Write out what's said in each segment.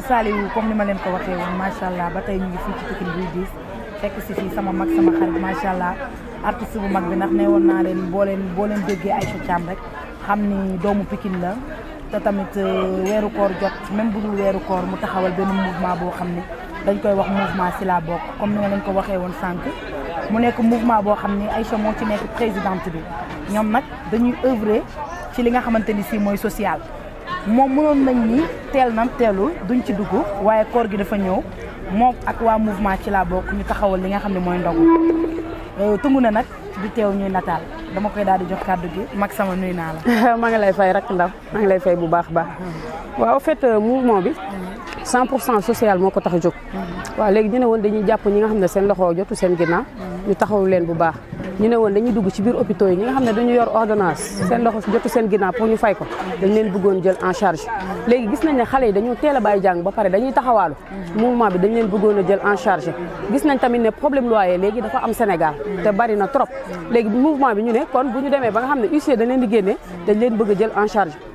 waa Saliou comme ni ma leen ko waxee woon macha allah ba tey ñu ngi fii ci Pikine buy diis si fii sama mag sama macha allah artiste bu mag bi ndax ne woon naa leen boo leen boo leen déggee Aïcha Thiam rek xam ni doomu Pikine la te tamit euh, weeru koor jot même bu dul weeru koor mu taxawal benn mouvement boo xam ni dañ koy wax mouvement si la bokk comme ni ma leen ko waxee woon sànq mu nekk mouvement boo xam ni Aïcha moo ci nekk présidente bi ñoom nag dañuy œuvrer ci li nga xamante ni si mooy social moom mënoon nañ nii teel na teelu duñ ci dugg waaye koor gi dafa ñëw moom ak waa mouvement ci laa bokk ñu taxawal li nga xam ne mooy ndogu euh, tungu na nag di teew ñuy nataal dama koy daal di jox kàddu gi mag sama nuy naa la. maa ngi lay fay rek ndaw maa ngi lay fay bu baax baax. Mm-hmm. waaw en fait euh, mouvement bi. 100 pour cent social moo ko tax jóg. Mm-hmm. waaw léegi ñu ne woon dañuy jàpp ñi nga xam ne seen loxo jotu seen ginnaaw. Mm-hmm. ñu taxawu leen bu baax. ñu ne woon dañuy dugg ci biir hôpitaux yi nga xam ne dañu yor ordonnance seen loxo jotu seen ginnaaw pour ñu fay ko dañ leen bëggoon jël en charge gis nañ ne xale yi dañu teel a bàyyi jàng ba pare dañuy taxawaalu mouvement bi dañ leen bëggoon a jël en charge gis nañ tamit ne problème loyer léegi dafa am Sénégal te bari na trop léegi mouvement bi ñu ne kon bu ñu demee ba nga xam ne huissier da leen di génne dañ leen bëgg a jël en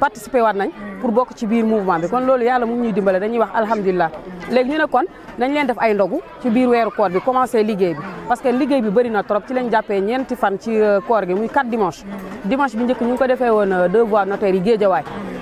participer waat nañ pour bokk ci biir mouvement bi kon loolu yàlla mu ñuy dimbale dañuy wax alhamdulilah léegi ñu ne kon dañ leen def ay ndogu ci biir weeru koor bi commencé liggéey bi parce que liggéey bi bari na trop ci lañ jàppee ñeenti fan ci euh, koor gi muy 4 dimanche dimanche bi njëkk ñu ngi ko defee woon euh, devoir notaire yi géejawaay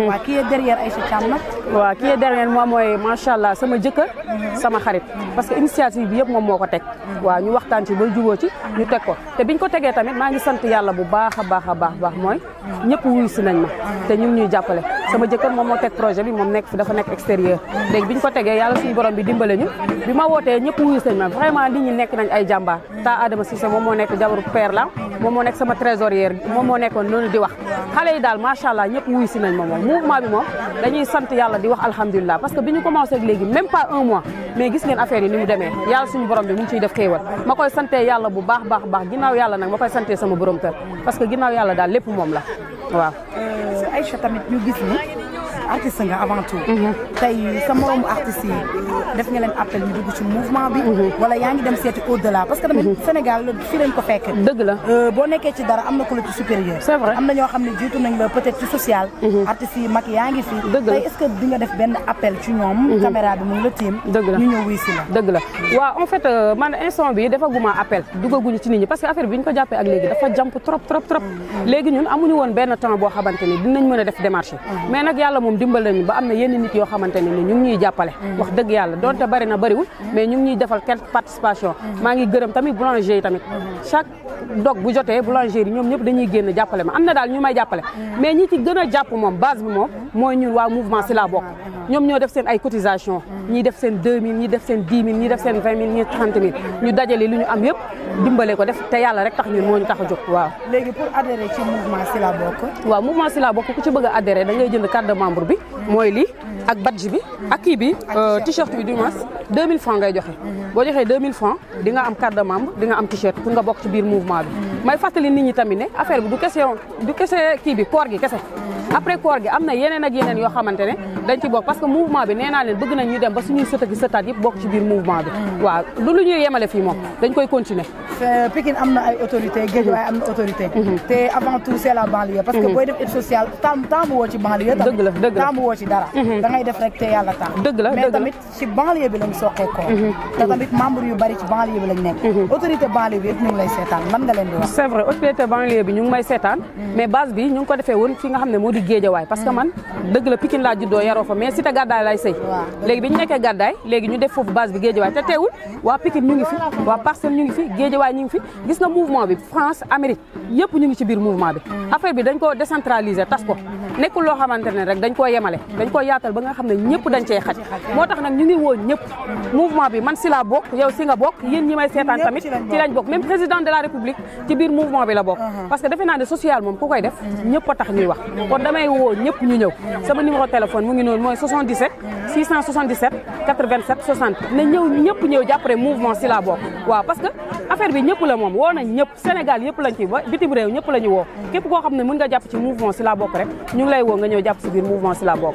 Mhm. waaw qui est derrière Aïcha Thiam nag moom mooy macha allah sama jëkkër sama xarit parce que initiative bi yëpp moom moo ko teg waaw ñu waxtaan si ba jubóo ci ñu teg ko te biñ ko tegee tamit maa ngi sant yàlla bu baax a baax a baax baax mooy ñëpp wuyu si nañ ma te ñu ngi ñuy jàppale sama jëkkër moom moo teg projet bi moom nekk fi dafa nekk extérieur léegi biñ ko tegee yàlla suñu borom bi dimbale ñu bi ma wootee ñëpp wuyu si nañ ma vraiment nit ñi nekk nañ ay jàmbaar ta Adama si moom moo nekk jabaru père la moom moo nekk moom moo nekkoon noonu di xale yi daal macha allah ñëpp wuy si nañ ma moom mouvement bi moom dañuy sant yàlla di wax alhamdulilah parce que bi ñu commencé ak léegi pas un mois mais gis ngeen affaire ni mu demee yàlla suñu borom bi mu ngi def xéewal ma koy sante yàlla bu baax baax baax ginnaaw yàlla nag ma koy sante sama borom kër parce que ginnaaw yàlla daal lépp moom la waaw euh, artiste nga avant tout. Mhm. tay sa moromu artiste yi def nga len appel ñu dugg ci mouvement bi. Mhm. wala yaa ngi dem seeti au delà. parce que tamit mhm. Sénégal fi lañ ko fekk. deug la euh bo nekkee ci dara amna ko lu ci supérieur. c'est vrai am na ñoo xam ne nañ la peut-être ci social. artiste yi mag yaa ngi fi. tay est-ce que di nga def ben appel ci ñom caméra bi mu ngi la tiim. dëgg ñu ñëw wuy ci la. deug la wa en fait euh, man instant bi dafa guma appel duggaguñu ci nit ñi parce que affaire bi ñu ko jappé ak légui dafa jàmp trop trop trop. légui ñun amuñu won ben temps bo xamanteni ni dinañ mëna def démarche mais nak yalla moom moom dimbal nañu ba am na yenn nit yoo xamante ne ñu ngi ñuy jàppale mm. wax dëgg yàlla donte bari na bariwul mm. mais ñu ngi ñuy defal quelque participation mm. ma ngi gërëm tamit boulanger yi tamit chaque dog bu jotee boulanger yi ñoom ñëpp dañuy génn jàppale ma am na daal ñu may jàppale mais ñi ci gën a jàpp moom base bi moom mooy ñun waa mouvement si laa bokk ñom ñoo def seen ay cotisation ñi def seen 2000 ñi def seen 10000 ñi def seen 20000 ñi 30000 ñu dajale luñu am yépp dimbalé ko def té yalla rek tax ñun moñu ñu tax a waaw. légui pour adhérer ci mouvement sila la bokk. waaw mouvement sila la bokk ku ci bëgg adhérer da ngay jënd carte de membre bi. moy li ak badge bi. ak kii bi euh, t-shirt bi du mars 2000 francs ngay joxé bo joxé 2000 francs di nga am carte de membre di nga am t-shirt pour nga bok ci biir mouvement bi. Mhm. may fàttali nit ñi tamit ne affaire bi du question du kessé ki bi koor gi kessé mhm. après koor gi amna yenen ak yenen yo xamante dañ ci bokk parce que mouvement bi nee naa leen bëgg nañ ñu dem ba suñuy sët ak sëtaat yëpp bokk ci biir mouvement bi mm. waaw lu lu ñuy yemale fii moom dañ koy continuer Pikine am na ay autorité Guédiawaye am na autorité mm-hmm. Mm-hmm. te avant tout c'est la banlieue parce que mm-hmm. booy def aide sociale tam tam woo ci banlieue dëgg la dëgg la tam woo ci dara da ngay def rek te yàlla tax dëgg la mais tamit ci banlieue bi lañ soqee ko te tamit membre yu bari ci banlieue bi lañ nekk autorité banlieue bi yëpp ñu ngi lay seetaan lan nga leen di wax c'est vrai autorité banlieue bi ñu ngi may seetaan mm. mais base bi ñu ngi ko defee woon fi nga xam ne moo di Guédiawaye parce que mm. man dëgg la Pikine laa juddoo yaroo fa mais Cité Gàddaay lay sëy léegi bi ñu nekkee Gàddaay léegi ñu def foofu base bi Géejawaay te teewul waa Pikine ñu fi waa Parcelles ñu fi Géejawaay ñu ngi fi gis nga mouvement bi France Amérique yëpp ñu ci biir mouvement bi xam ne ñëpp dañ cee xaj moo tax nag ñu ngi man si laa bokk yow si nga bokk yéen ci lañ bokk même président de la république ci biir mouvement bi la bokk uh-huh. parce que defe naa ne social moom ku koy def ñëpp a tax ñuy wax kon damay woo ñëpp ñu ñëw sama numéro ngi moi, 77 677 87 60 Mais pour ñëpp ñëw jàppale mouvement si la boîte parce que affaire bi ñëpp la moom woo nañ ñëpp Sénégal yëpp lañ ci bitim réew ñëpp la ñu woo képp koo xam ne mën nga jàpp ci mouvement si la bokk rek ñu ngi lay woo nga ñëw jàpp si biir mouvement si la bokk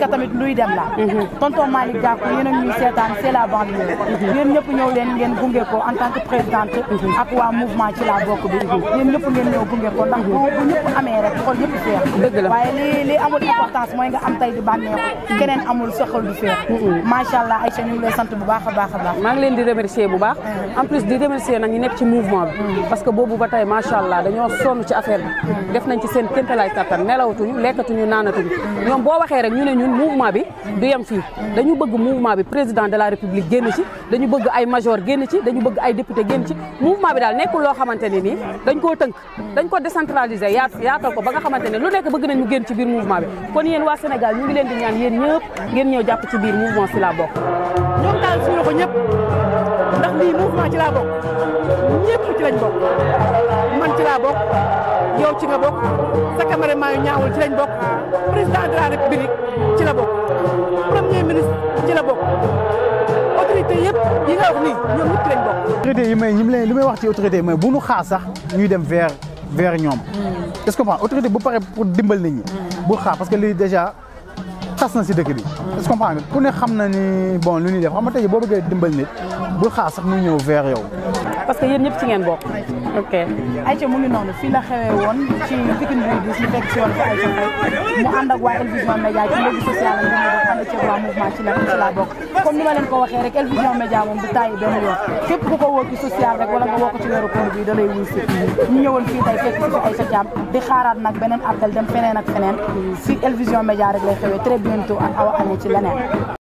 que tamit luy dem la tonton Malick Gakou yéen a ñuy seetaan c'est la banlieue yéen ñëpp ñëw leen ngeen gunge ko en tant que présidente ak waa mouvement ci la bokk bi yéen ñëpp ngeen ñëw gunge ko ndax bu bu ñëpp amee rek xol ñëpp feex waaye li li amul importance mooy nga am tay di bànneexu keneen amul sa xol du feex macha allah Aïcha ñu ngi lay sant bu baax a baax a baax maa ngi leen di remercier bu baax mm-hmm. en plus di remercier nag ñu nekk ci mouvement bi mm-hmm. parce que boobu ba tey macha allah dañoo sonn ci affaire bi mm-hmm. def nañ ci seen kéntalaay kattan nelawatuñu lekkatuñu naanatuñu ñoom boo waxee rek ñu ne ñu ñun mouvement bi du yem fii dañu bëgg mouvement bi président de la république génn ci dañu bëgg ay major génn ci dañu bëgg ay député génn ci mouvement bi daal nekkul loo xamante ne nii dañ koo tënk dañ ko décentraliser yaatal ko ba nga xamante ne lu nekk bëgg nañu génn ci biir mouvement bi kon yéen waa Sénégal ñu ngi leen di ñaan yéen ñëpp ngeen ñëw jàpp ci biir mouvement si la bokk ñoom daal suñu ko ñëpp ndax lii mouvement ci laa bokk ñëpp ci lañ bokk man ci laa yow ci nga bokk sa cameraman yu ñaawul ci lañ bokk président ci la ministre ci la bokk autorité yëpp yi nga wax nii ñoom ñëpp ci lañ bokk. autorité yi may ñi leen li may wax ci autorité yi may bu nu xaa sax ñuy dem vers vers ñoom. Hmm. est-ce que autorité bu pare pour dimbal nit hmm. bu xaar parce que lii déjà. tas na si dëkk bi hmm. est-ce que comprend ku ne xam na ni bon lu ñuy def xam nga tey boo bëggee dimbal nit bu xaar sax nu ñëw vers yow parce que yéen ñëpp ci ngeen bokk. ok Aïcha mu ngi noonu fii la xewee woon ci Pikine Rue 10 ñu fekk si woon fi Aïcha Faye mu ànd ak waa El Vision Média ci léegi social am bi mu ànd ci waa mouvement ci la ci la bokk comme ni ma leen ko waxee rek El Vision Média moom du tàyyi benn yoon képp ku ko woo ci social rek wala nga woo ko ci weeru koor bi da lay wuy si ñu ñëwoon fii tey fekk si fi Aïcha Thiam di xaaraat nag beneen appel dem feneen ak feneen si El Vision Média rek lay xewee très bientôt ak Awa Ané ci leneen